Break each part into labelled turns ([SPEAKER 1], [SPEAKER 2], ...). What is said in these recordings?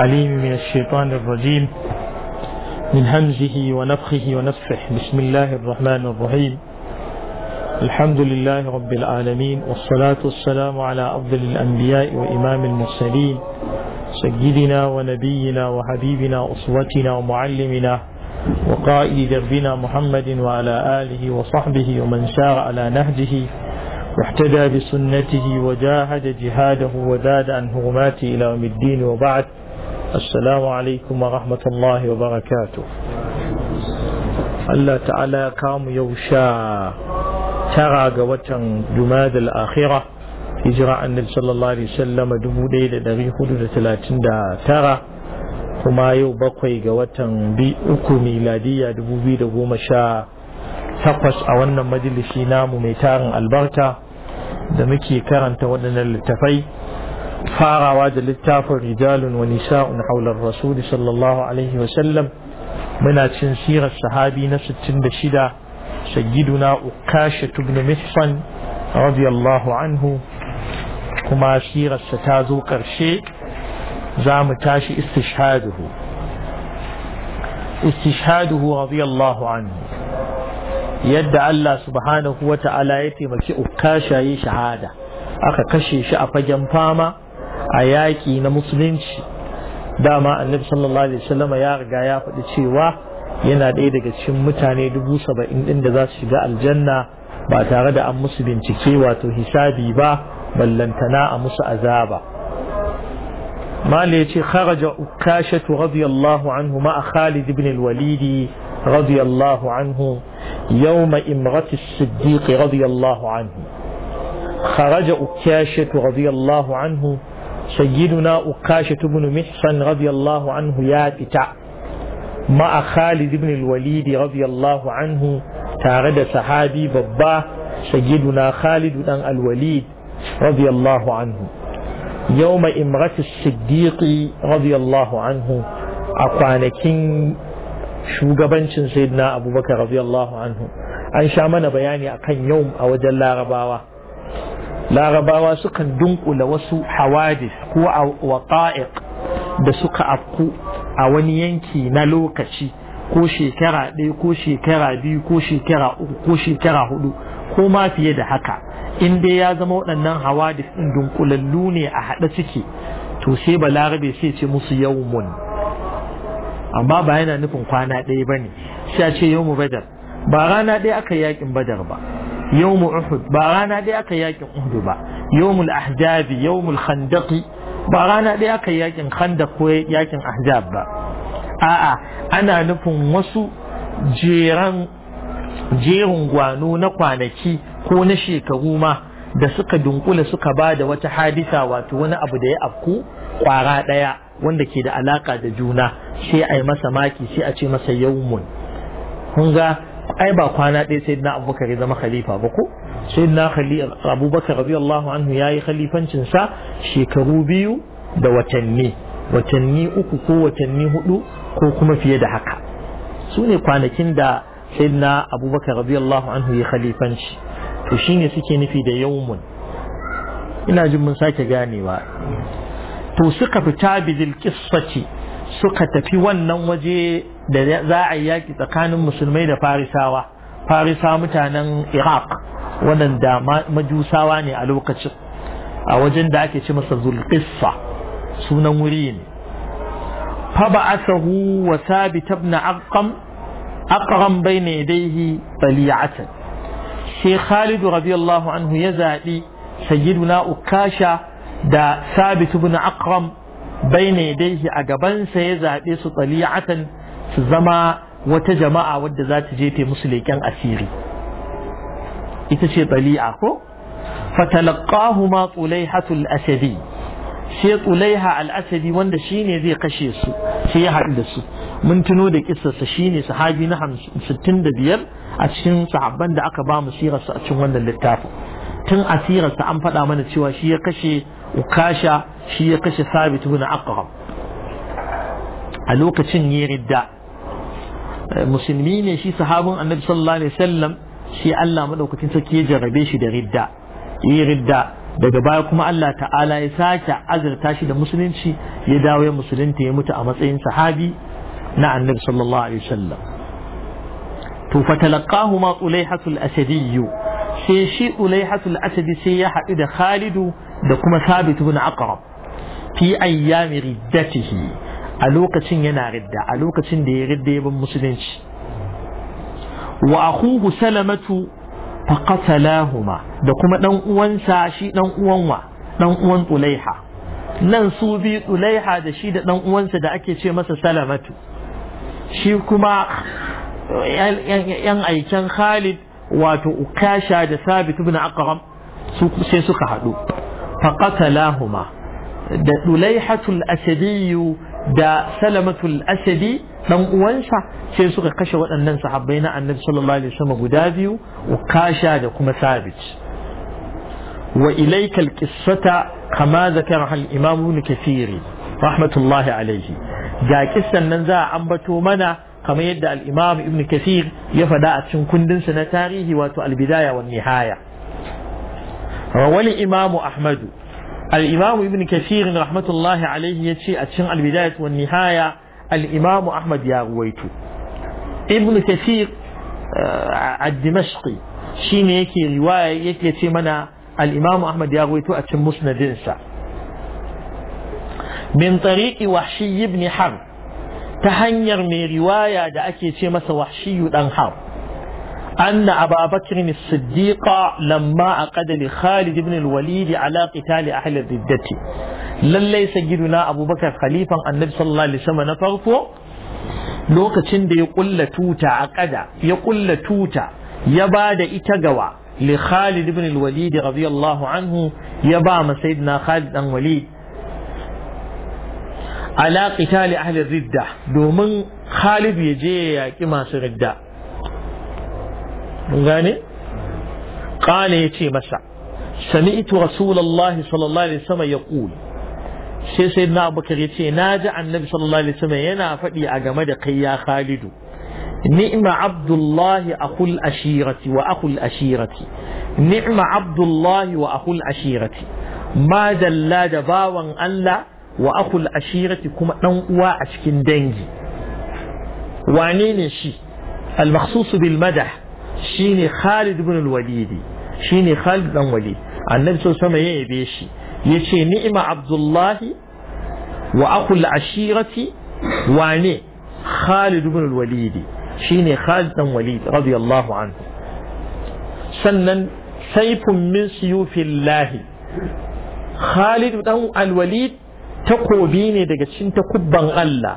[SPEAKER 1] عليم من الشيطان الرجيم من همزه ونفخه ونفخه بسم الله الرحمن الرحيم الحمد لله رب العالمين والصلاة والسلام على أفضل الأنبياء وإمام المرسلين سيدنا ونبينا وحبيبنا أسوتنا ومعلمنا وقائد دربنا محمد وعلى آله وصحبه ومن سار على نهجه واحتدى بسنته وجاهد جهاده وزاد عن هرماته إلى يوم الدين وبعد السلام عليكم ورحمة الله وبركاته الله تعالى كام يوشا ترى قوة جماد الآخرة هجرة النبي صلى الله عليه وسلم دبو ليلة دري حدود ثلاثين دا ترى كما يو بقوي قوة بي أكو ميلادية دبو بي دبو مشا تقص أولنا مجلسي نام ميتان البركة da muke karanta waɗannan littafai farawa da littafin rijalun wa nisa'un haular rasuli sallallahu alaihi wasallam muna cin sirar sahabi na 66 sayyiduna ukasha ibn mihsan radiyallahu anhu kuma sirarsa ta zo ƙarshe za mu tashi istishhaduhu istishhaduhu radiyallahu anhu yadda Allah subhanahu wa ta'ala ya taimaki ukasha yi shahada aka kashe shi a fagen fama a yaƙi na musulunci dama annabi sallallahu alaihi wasallam ya riga ya faɗi cewa yana ɗaya daga cikin mutane dubu saba'in ɗin da za su shiga aljanna ba tare da an musu bincike wato hisabi ba ballantana a musu azaba mala ya ce kharaja ukashatu radiyallahu anhu ma'a khalid ibn al-walidi radiyallahu anhu yawma imrati as-siddiq radiyallahu anhu kharaja ukashatu radiyallahu anhu sayyiduna ukasha ibn mihsan radiyallahu anhu ya fita ma'a khalid ibn al-walid radiyallahu anhu tare da sahabi babba sayyiduna khalid dan al-walid radiyallahu anhu yawma imrati siddiqi radiyallahu anhu a kwanakin shugabancin sayyidina abubakar radiyallahu anhu an sha mana bayani akan yau a wajen larabawa larabawa sukan dunkula wasu hawadis ko waqa'iq da suka afku a wani yanki na lokaci ko shekara ɗaya ko shekara biyu ko shekara uku ko shekara hudu ko ma fiye da haka in dai ya zama waɗannan hawadis ɗin dunkulallu ne a haɗa ciki to sai balarabe sai ce musu yawmun amma ba yana nufin kwana ɗaya ba ne sai a ce yawmu badar ba rana ɗaya aka yakin badar ba yawmu uhud ba rana ɗaya aka yakin uhud ba yawmul ahzabi yawmul khandaqi ba rana ɗaya aka yakin khandaq ko yakin ahzab ba a'a ana nufin wasu jeran jerin gwano na kwanaki ko na shekaru ma da suka dunkula suka ba da wata hadisa wato wani abu da ya afku kwara ɗaya wanda ke da alaka da juna sai a yi masa maki sai a ce masa yawmun ai ba kwana ɗaya sai na abubakar ya zama khalifa ba ko sai na abubakar anhu ya yi khalifancinsa shekaru biyu da watanni watanni uku ko watanni hudu ko kuma fiye da haka su ne kwanakin da sai na abubakar radiyallahu anhu ya khalifanci to shine suke nufi da yawmun ina jin mun sake ganewa to suka fita bizil kissati suka tafi wannan waje da za a yaki tsakanin musulmai da farisawa farisa mutanen iraq wadanda majusawa ne a lokacin a wajen da ake ce masa zulƙissa sunan wuri ne faba asahu wa sabita ibn aqqam aqqam bayna yadayhi taliatan shi khalid radiyallahu anhu ya zadi sayyiduna ukasha da sabit ibn aqqam bayna yadayhi a gaban sa ya zabe su taliatan su zama wata jama'a wadda za ta jefe musu leken asiri ita ce tsali'a ko fatalaqahu ma tsulaihatul asadi sai tsulaiha al-asadi wanda shine zai kashe su sai ya haɗu da su mun tuno da kissarsa shine sahabi na 65 a cikin sahabban da aka ba mu sirarsa a cikin wannan littafin tun asirarsa an faɗa mana cewa shi ya kashe ukasha shi ya kashe sabit na aqrab a lokacin yi Eh, musulmi ne shi sahabin annabi sallallahu alaihi wasallam shi Allah madaukakin sarki ya jarrabe shi da ridda yi ridda daga baya kuma Allah ta'ala ya sake azurta shi da musulunci ya dawo ya musulunta ya mutu a matsayin sahabi na annabi sallallahu alaihi wasallam to fatalaqahu ma tulaihatul asadi sai shi tulaihatul asadi sai ya haɗu da khalidu da kuma sabit ibn aqrab fi ayyami riddatihi a lokacin yana ridda a lokacin da ya ridda ya bin musulunci wa akhuhu salamatu fa qatalahuma da kuma dan uwansa shi dan uwanwa dan uwan Tsulaiha nan su bi Tsulaiha da shi da dan uwansa da ake ce masa salamatu shi kuma yan aikin Khalid wato Ukasha da Sabit ibn Aqram su sai suka haɗu fa qatalahuma da Tsulaihatul Asadiyu da salamatul asadi dan uwansa sai suka kashe waɗannan sahabbai na annabi sallallahu alaihi wasallam guda biyu ukasha da kuma sabit wa ilayka alqissata kama zakara al imam ibn kathir rahmatullahi alaihi ga kissan nan za a ambato mana kamar yadda al imam ibn kathir ya fada a cikin kundin sa na tarihi wato al bidaya wan nihaya wa wani imam ahmadu الإمام ابن كثير رحمة الله عليه يتشي أتشن البداية والنهاية الإمام أحمد يا رويتو ابن كثير الدمشقي شين يكي رواية يكي يتشي منا الإمام أحمد يا رويتو أتشن مسندنسا من طريق وحشي بن حرب تهنير من رواية دا أكي يتشي مسا وحشي بن حرب أن أبا بكر الصديق لما أقد لخالد بن الوليد على قتال أهل الردة للي سجدنا أبو بكر خليفة النبي صلى الله عليه وسلم نفرفه lokacin da ya kulla tuta a kada ya ƙulla tuta ya ba da ita gawa li Khalid ibn al-Walid radiyallahu anhu ya ba ma sayyidina Khalid dan Walid ala qital ridda domin Khalid ya je ya yaki masu ridda mun gane ya yace masa sami'tu rasulullahi sallallahu alaihi wasallam yaqul sai sai na abubakar ya ce na ji annabi sallallahu alaihi wasallam yana faɗi a game da kai ya khalidu ni'ma abdullahi akul ashirati wa akul ashirati ni'ma abdullahi wa akul ashirati ma dalla da bawan Allah wa akul ashirati kuma dan uwa a cikin dangi wane ne shi al-makhsus bil madah Shi ne Khalid ibn al Shi ne Khalid dan wali annabi so sama ya yabe shi ce, ni'ma Abdullahi wa akul ashirati wa ne Khalid ibn al Shi ne Khalid dan Walid radiyallahu anhu sannan saifun min siyufillah Khalid dan al-Walid takobi ne daga cikin takubban Allah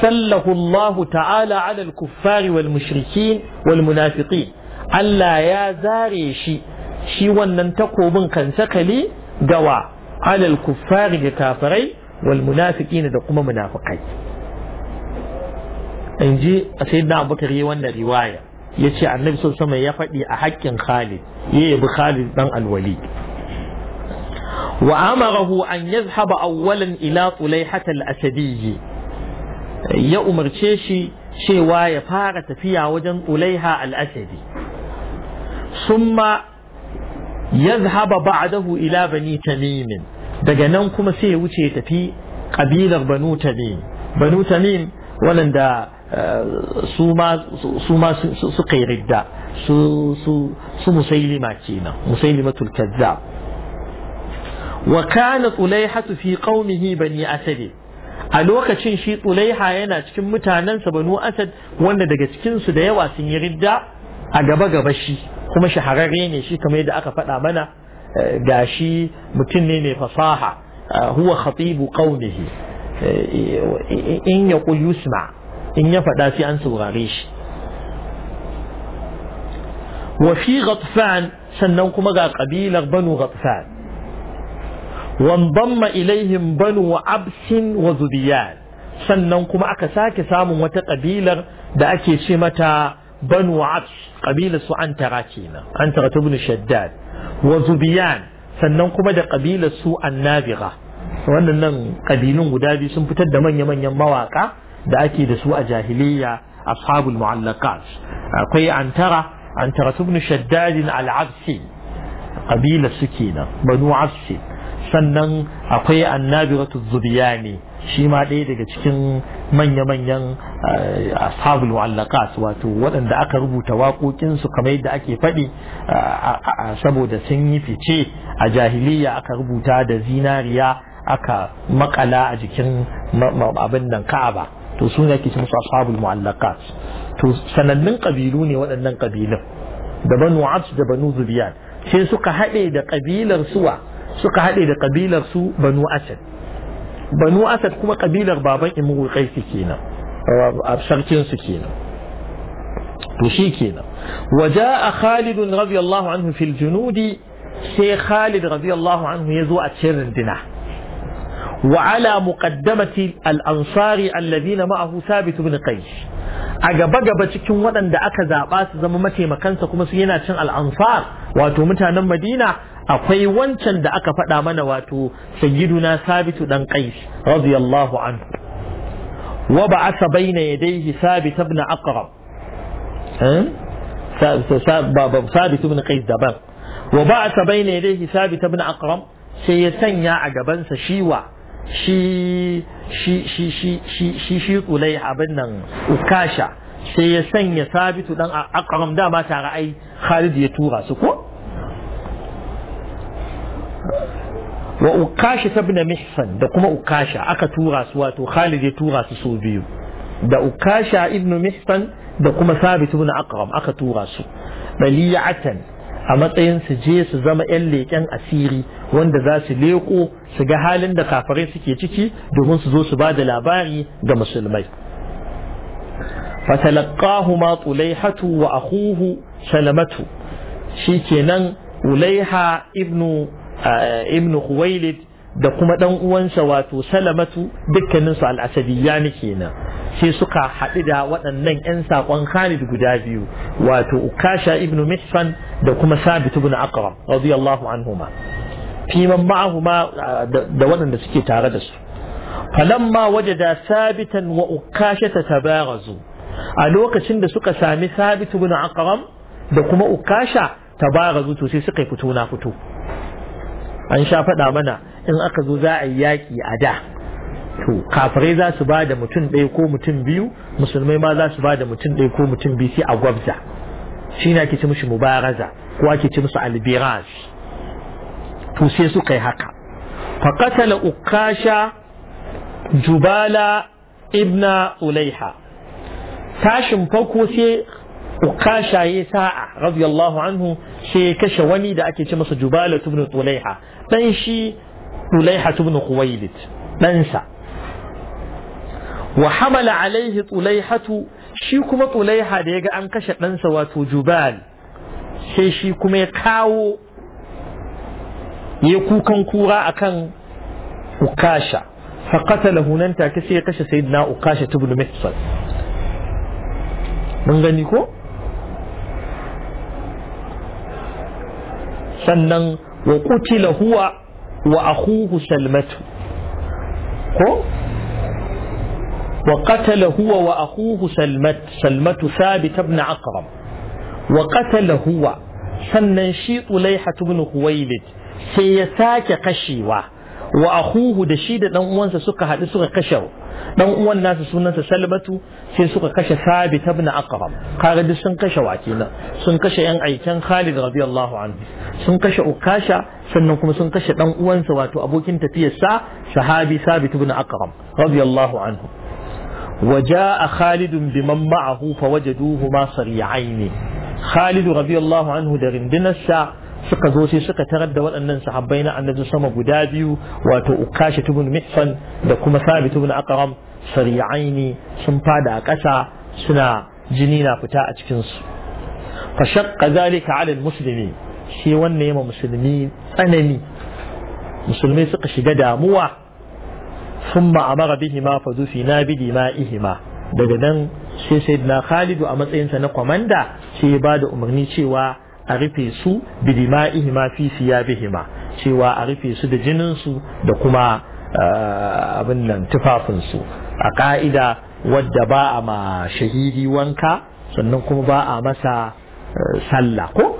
[SPEAKER 1] sallahu Allah ta'ala alal kuffari wal mushrikin Allah ya zare shi shi wannan takobin kan sakali gawa alal al-kuffari da kafirai wal munafiqin da kuma munafiqai in ji a sai da abubakar yi wannan riwaya ya ce annabi sun sama ya faɗi a haƙƙin khalid ya yabi khalid dan alwali wa amarahu an yazhaba awwalan ila tulaihatal asadiyyi ya umarce shi cewa ya fara tafiya wajen ulaiha al'asadi summa ya zahaba ba'dahu ila bani tamimin daga nan kuma sai ya wuce tafi ƙabilar banu tamim banu tamim waɗanda eh, su ma su ridda su musailima kenan musailimatul kazzab wa kana tsulai fi qaumihi bani asadi a lokacin shi tsulaiha yana cikin mutanensa banu asad wanda daga cikinsu da yawa sun yi ridda a gaba gaba shi kuma shahararre ne shi kamar yadda aka faɗa mana eh, ga shi mutum ne mai fasaha eh, huwa khatibu qaumihi eh, in ya yusma in ya faɗa sai an saurare shi wa fi ghatfan sannan kuma ga kabilar banu ghatfan وانضم إليهم بنو عبس وزبيان sannan kuma aka sake samun wata ƙabilar da ake ce mata banu abs ƙabilar su an tara kenan an tara ta bin shaddad wa zubiyan sannan kuma da ƙabilar su an nabira wannan nan ƙabilun guda biyu sun fitar da manya-manyan mawaka da ake da su a jahiliya ashabul mu'allaqat akwai an tara an tara ta bin shaddadin al-absi ƙabilar su kenan banu absi sannan akwai annabiratu zubiyani shi ma ɗaya daga cikin manya-manyan eh, ashabul mu'allaqat wato waɗanda aka rubuta waƙoƙinsu kamar yadda ake faɗi eh, saboda sun yi fice a jahiliya aka rubuta da zinariya aka makala a jikin abin nan ka'aba to su ne ake ce musu ashabul mu'allaqat to sanannun ƙabilu ne waɗannan ƙabilun da banu da banu zubiyan sai suka haɗe da ƙabilar suwa suka haɗe da ƙabilar su banu asad banu asad kuma ƙabilar baban imuwa kai su kenan a sarkin su kenan waje a khalidun radiyallahu anhu fil sai khalid radiyallahu anhu ya zo a cikin rundina wa ala muqaddamati al ansari alladhina ma'ahu sabit ibn qais a gaba gaba cikin waɗanda aka zaɓa su zama mataimakansa kuma su yana cin al'ansar? wato mutanen madina akwai wancan da aka faɗa mana wato sayyiduna sabitu dan qais radiyallahu anhu wa ba'atha bayna yadayhi sabit ibn aqrab eh? sabit ibn qais daban wa ba'atha bayna yadayhi sabit ibn aqrab sai ya sanya a gabansa shiwa shi shi shi shi shi shi shi kulai abin nan ukasha sai ya sanya sabitu dan aqram dama tare ai Khalid ya tura su ko wa ukasha tabna mihsan da kuma ukasha aka tura su wato khalid ya tura su so biyu da ukasha ibn mihsan da kuma sabit ibn aqram aka tura su baliyatan a matsayin su je su zama yan leƙen asiri wanda za su leƙo su ga halin da kafirai suke ciki domin su zo su ba da labari ga musulmai ma tulaihatu wa akhuhu salamatu shikenan ulaiha ibnu ibn Khuwailid da kuma dan uwansa wato Salamatu dukkaninsu su al-Asadiyya ne kenan sai suka haɗu da waɗannan 'yan saƙon Khalid guda biyu wato Ukasha ibn Mihsan da kuma Sabit ibn Aqram radiyallahu anhuma fiman ma'ahuma da waɗanda suke tare da su falamma wajada sabitan wa Ukasha tabarazu a lokacin da suka sami Sabit ibn Akram da kuma Ukasha tabarazu to sai suka fito na fito an sha faɗa mana in aka zo za a yi yaƙi a da to kafirai za su ba da mutum ɗaya ko mutum biyu musulmai ma za su ba da mutum ɗaya ko mutum biyu sai a gwabza shi ne ake ci mushi mubaraza ko ake ci musu albiraj to sai suka yi haka faƙatala ukasha jubala ibna ulaiha tashin farko sai ukasha ya sa'a radiyallahu anhu sai ya kashe wani da ake ce masa jubala tubin tulaiha dan shi tulaiha ibn khuwailid ɗansa wa hamala alaihi tulaihatu shi kuma tulaiha da ya ga an kashe ɗansa wato jubal sai shi kuma ya kawo ya kukan kura akan ukasha فقتله ننتا kashe قش Ukasha tubin بن mun gani ko. sannan wa qutila huwa wa akhuhu salmatu ko wa qatala huwa wa akhuhu salmat salmatu thabit ibn aqram wa qatala huwa sannan shi tulaiha ibn huwailid sai ya sake kashewa wa akhuhu da shi da dan uwansa suka haɗu suka kashe dan uwan nasu sunansa salbatu sai suka kashe sabit ibn aqram kaga duk sun kashe wakila sun kashe yan aiken khalid radiyallahu anhu sun kashe ukasha sannan kuma sun kashe dan uwansa wato abokin tafiyarsa sahabi sabit ibn aqram radiyallahu anhu وجاء خالد بمن معه فوجدوهما صريعين خالد رضي anhu da درندنسا suka zo sai suka tarar da waɗannan sahabbai na annabi sama guda biyu wato ukashi tubun mihsan da kuma sabi tubun akaram sari'aini sun fada a ƙasa suna jini na fita a cikinsu fa shaqqa zalika 'ala al-muslimi shi wannan yama musulmi tsanani musulmi suka shiga damuwa thumma amara bihima fa dufina ma ihima daga nan sai sayyidina Khalidu a matsayinsa na kwamanda sai ya bada umarni cewa a rufe su bidima'ihi ma fi hima cewa a rufe su da jinin su da kuma eh, abin nan tufafinsu su a ka'ida wadda ba a ma shahidi wanka sannan kuma ba a masa eh, sallah ko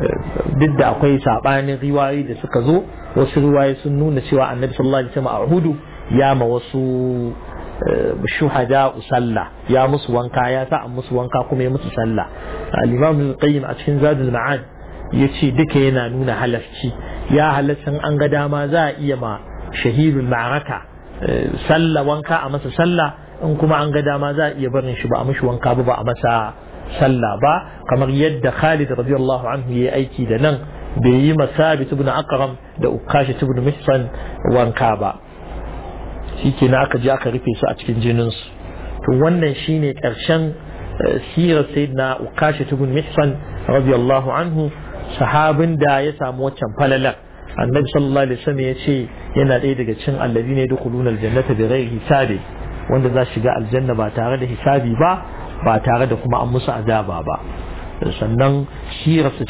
[SPEAKER 1] eh, duk da akwai sabanin riwayoyi da suka zo wasu riwayoyi sun nuna cewa annabi sallallahu alaihi wasallam a hudu ya ma wasu shuhada sallah ya musu wanka ya sa a musu wanka kuma ya musu sallah al-imam al-qayyim a cikin zadul ma'ad yace duka yana nuna halarci ya halarcin an ga dama za a iya ma shahidul ma'araka eh, sallah wanka a masa sallah in kuma an ga dama za a iya barin shi ba a mishi wanka ba ba a masa sallah ba kamar yadda Khalid radiyallahu anhu yayi aiki da nan bai yi masabit ibn akram da ukashi ibn mihsan wanka ba shi na aka je aka rufe su a cikin jininsu to wannan shine ƙarshen eh, sirar sayyidina ukashi tubun mihsan radiyallahu anhu sahabin da ya samu waccan falalar annabi sallallahu alaihi wasallam ya ce yana ɗaya daga cikin allazi ne dukhuluna aljannata bi ghairi hisabi wanda za shiga aljanna ba tare da hisabi ba ba tare da kuma an musu azaba ba sannan shirarsa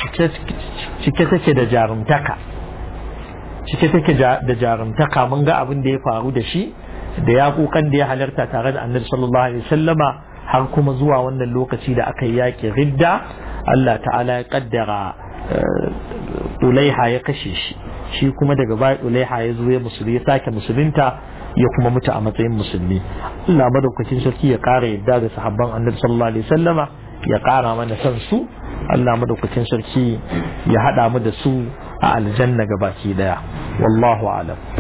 [SPEAKER 1] cike take da jarumtaka cike take da jarumtaka mun ga abin da ya faru da shi da ya kukan da ya halarta tare da annabi sallallahu alaihi wasallama har kuma zuwa wannan lokaci da aka yi yaki ridda Allah ta'ala ya kaddara eh, Ulaiha ya kashe shi shi kuma daga baya Ulaiha ya zo ya musulmi ya sake musulunta ya kuma mutu a matsayin musulmi Allah madaukakin sarki ya ƙara yadda da sahabban annabi sallallahu alaihi wasallama ya ƙara mana san su Allah madaukakin sarki ya haɗa mu da su a aljanna gabaki daya wallahu alam